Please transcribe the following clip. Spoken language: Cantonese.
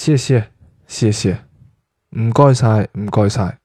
謝謝，謝謝，唔該晒，唔該晒。